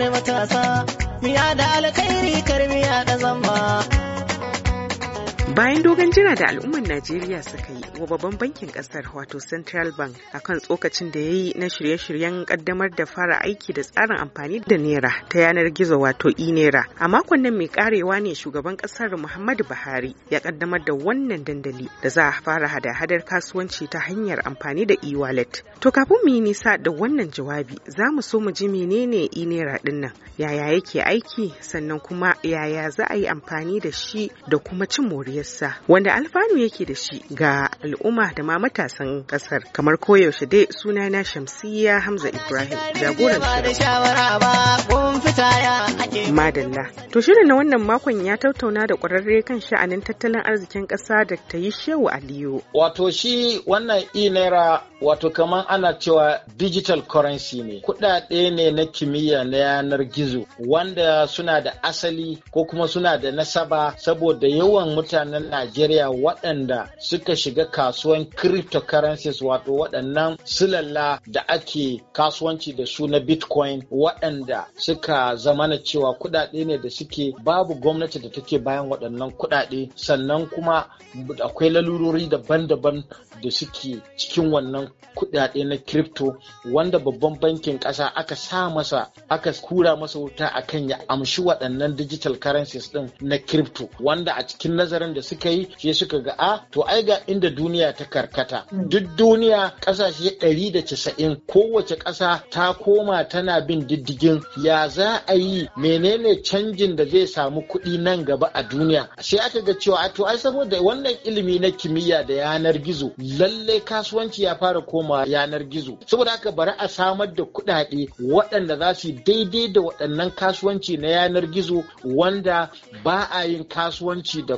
matasa miya da alkhairi karmiya da zamba bayan dogon jira da al'ummar najeriya suka yi wa babban bankin kasar wato central bank akan tsokacin da ya yi na shirye-shiryen kaddamar da fara aiki da tsarin amfani da naira ta yanar gizo wato e-naira a makon nan mai karewa ne shugaban kasar muhammadu buhari ya kaddamar da wannan dandali da za a fara hada-hadar kasuwanci ta hanyar amfani da e-wallet to kafin mu yi nisa da wannan jawabi za mu so mu ji menene e-naira nan, yaya yake aiki sannan kuma yaya za a yi amfani da shi da kuma cin moriya sa wanda alfanu yake da shi ga al'umma da ma matasan kasar kamar koyaushe dai suna na shamsiya hamza ibrahim jagoran madalla to shirin na wannan makon ya tattauna da kwararre kan sha'anin tattalin arzikin kasa da ta yi shehu aliyu wato shi wannan inera wato kamar ana cewa digital currency ne kudade ne na kimiyya na yanar gizo wanda suna da asali ko kuma suna da nasaba saboda yawan mutane mutanen Najeriya waɗanda suka shiga kasuwan cryptocurrencies wato waɗannan silalla da ake kasuwanci da su na Bitcoin waɗanda suka zamana cewa kuɗaɗe ne da suke babu gwamnati da take bayan waɗannan kuɗaɗe sannan kuma akwai lalurori daban-daban da suke cikin wannan kuɗaɗe na crypto wanda babban bankin ƙasa aka sa masa aka kura masa wuta akan ya amshi waɗannan digital currencies ɗin na crypto wanda a cikin nazarin da suka yi shi suka ga a ah, to ai ga inda duniya ta karkata hmm. duk duniya kasashe 190 kowace ƙasa ta koma tana bin diddigin ya za a yi menene canjin da zai samu kuɗi nan gaba a duniya sai aka ga cewa ah, to ai saboda wannan ilimi na kimiyya da yanar gizo lallai kasuwanci ya fara koma yanar gizo saboda haka bari a samar da kuɗaɗe waɗanda za su daidai da waɗannan kasuwanci na yanar gizo wanda ba a yin kasuwanci da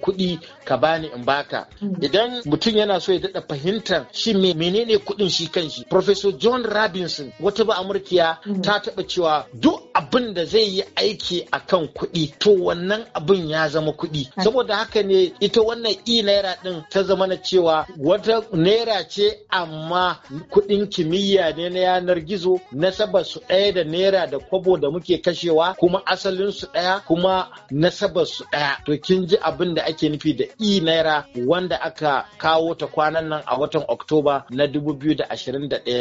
kuɗi ka bani in baka mm. idan mutum yana so ya daɗa fahimtar shi menene kuɗin shi kan shi professor john robinson wata ba amurkiya mm. ta taɓa cewa duk abin da zai yi aiki a kan kuɗi to wannan abin ya zama kuɗi saboda haka ne ita wannan i e naira ɗin ta zama na cewa wata naira ce amma kuɗin kimiyya ne na yanar gizo nasabar su ɗaya da naira da kwabo da muke kashewa kuma asalin su ɗaya kuma nasabar su ɗaya to kin ji abin da ake nufi da i e naira wanda aka kawo ta kwanan nan a watan oktoba na 2021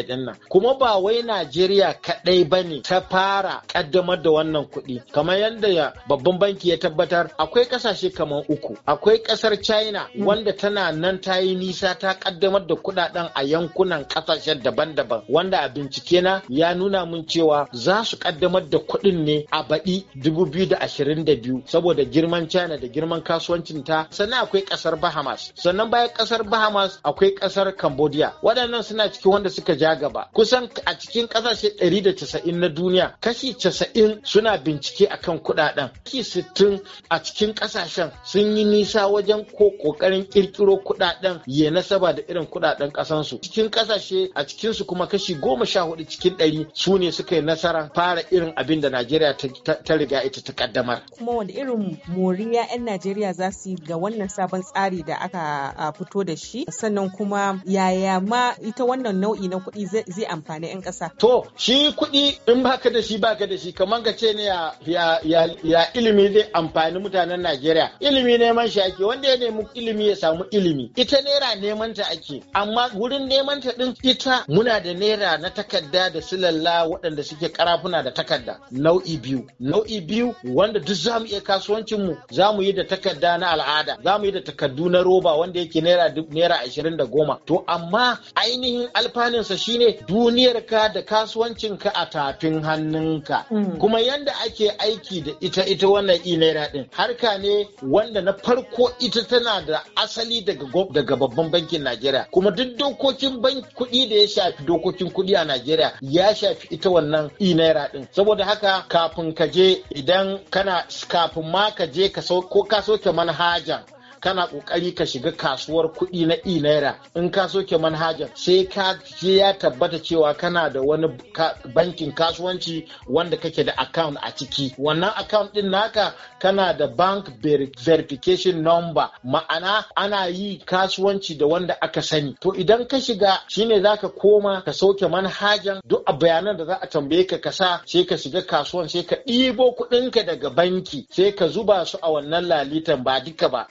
ɗin nan kuma ba wai najeriya kaɗai ba ne ta fara kaddamar da wannan kuɗi kamar yadda babban banki ya tabbatar akwai kasashe kamar uku akwai kasar china mm. wanda tana nan ta yi nisa ta kaddamar da kuɗaɗen a yankunan kasashen daban-daban wanda a bincike na ya nuna mun cewa za su kaddamar da kuɗin ne a baɗi da ashirin biyu, saboda girman china da girman kasuwancin ta sannan akwai kasar bahamas sannan bayan kasar bahamas akwai kasar cambodia waɗannan suna cikin wanda suka ja gaba kusan a cikin kasashe casa'in na duniya kashi 90 casa'in suna bincike a kan kuɗaɗen ki sittin a cikin ƙasashen sun yi nisa wajen ko ƙoƙarin ƙirƙiro kuɗaɗen ya nasaba da irin kuɗaɗen ƙasansu cikin kasashe a cikinsu kuma kashi goma sha hudu cikin ɗari su ne suka yi nasara fara irin abin da najeriya ta riga ita ta kaddamar kuma wanda irin moriya 'yan najeriya za su yi ga wannan sabon tsari da aka fito da shi sannan kuma yaya ma ita wannan nau'i na kuɗi zai amfani 'yan ƙasa to shi kuɗi in baka da shi baka da shi shi kamar ka ce ne ya ilimi zai amfani mutanen Najeriya. Ilimi neman shi ake wanda ya nemi ilimi ya samu ilimi. Ita nera neman ta ake amma wurin neman ta din ita muna da naira na takarda da silalla waɗanda suke karafuna da takarda nau'i biyu. Nau'i biyu wanda duk za mu iya kasuwancin mu za mu yi da takarda na al'ada za mu yi da takardu na roba wanda yake naira naira ashirin da goma. To amma ainihin alfanunsa shine duniyarka da kasuwancin ka a tafin hannunka. Mm. kuma yanda ake aiki da ita ita wannan e naira din harka ne wanda na farko ita tana da asali daga daga babban bankin Najeriya kuma duk dokokin bankin kuɗi da ya shafi dokokin kuɗi a Najeriya ya shafi ita wannan e naira din saboda haka kafin ka je idan kana kafin ma ka je ka ko ka soke manhajan kana kokari ka shiga kasuwar kuɗi na e naira in ka soke manhajar sai ka je ya tabbata cewa kana da wani bankin kasuwanci wanda kake da account a ciki wannan account din naka kana da bank verification number ma'ana ana yi kasuwanci da wanda aka sani to idan ka shiga shine zaka koma ka soke manhajan duk a bayanan da za a tambaye ka kasa sai ka shiga kasuwan sai ka ɗibo kuɗinka daga banki sai ka zuba su a wannan lalitan ba duka ba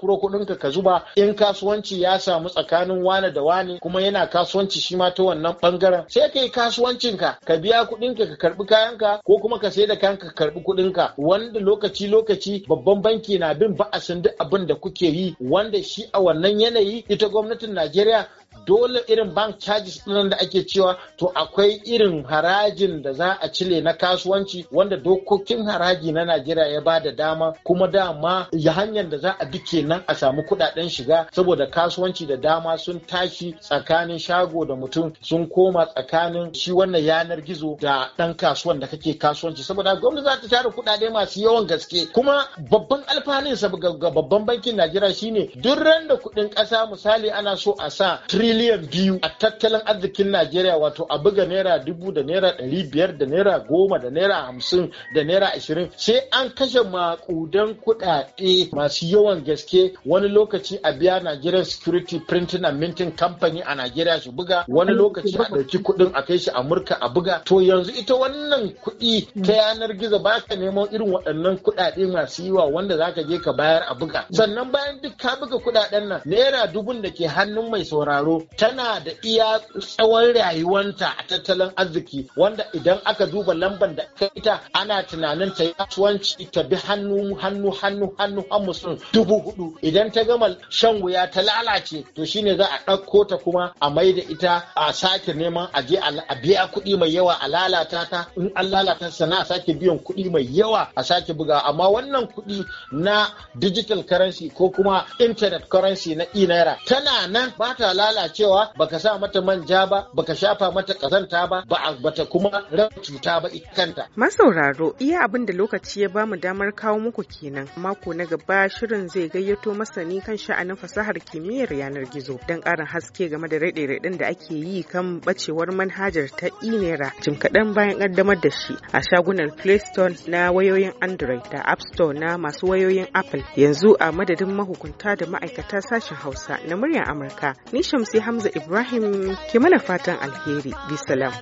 kuro kuɗinka ka zuba in kasuwanci ya samu tsakanin wane da wane kuma yana kasuwanci shi ma ta wannan bangaren sai ka yi kasuwancinka ka biya kuɗinka ka karɓi kayanka ko kuma ka sai da kanka ka karɓi kuɗinka wanda lokaci lokaci babban banki na bin ba'asin duk abin da kuke yi wanda shi a wannan yanayi ita gwamnatin Najeriya dole irin bank charges ɗin da ake cewa to akwai irin harajin da za a cile na kasuwanci wanda dokokin haraji na Najeriya ya ba da dama kuma dama ya hanyar da za a bi kenan a samu kuɗaɗen shiga saboda kasuwanci da dama sun tashi tsakanin shago da mutum sun koma tsakanin shi wannan yanar gizo da ɗan kasuwan da kake kasuwanci saboda gwamnati za ta tara kuɗaɗe masu yawan gaske kuma babban alfanin sa ga babban bankin Najeriya shine duk ran da kuɗin ƙasa misali ana so a sa trillion biliyan biyu a tattalin arzikin Najeriya wato a buga naira dubu da naira ɗari biyar da naira goma da naira hamsin da naira ashirin sai an kashe makudan kuɗaɗe masu yawan gaske wani lokaci a biya Nigerian Security Printing and Minting Company a Najeriya su buga wani lokaci a ɗauki kuɗin a kai shi Amurka a buga to yanzu ita wannan kuɗi ta yanar gizo ba ka neman irin waɗannan kuɗaɗe masu yawa wanda za ka je ka bayar a buga sannan bayan duk ka buga kuɗaɗen nan naira dubun da ke hannun mai sauraro tana da iya tsawon rayuwanta a tattalin arziki wanda idan aka duba lamban da aka ita ana tunanin ta kasuwanci ta bi hannu hannu hannu hannu hannu sun dubu hudu idan ta gama shan wuya ta lalace to shine za a ɗauko ta kuma a mai da ita a sake neman a je a biya kuɗi mai yawa a lalata ta in an lalata sana a sake biyan kuɗi mai yawa a sake buga amma wannan kuɗi na digital currency ko kuma internet currency na e naira tana nan ba ta lalace cewa baka sa mata manja ba baka shafa mata kazanta ba ba bata kuma raba cuta ba ita masauraro iya abin da lokaci ya bamu damar kawo muku kenan mako na gaba shirin zai gayyato masani kan sha'anin fasahar kimiyyar yanar gizo don karin haske game da raɗe-raɗen da ake yi kan bacewar manhajar ta inera jim kaɗan bayan ƙaddamar da shi a shagunan play store na wayoyin android da app store na masu wayoyin apple yanzu a madadin mahukunta da ma'aikata sashen hausa na muryar amurka ni shamsi Hamza Ibrahim ke mana fatan alheri. Bisalam.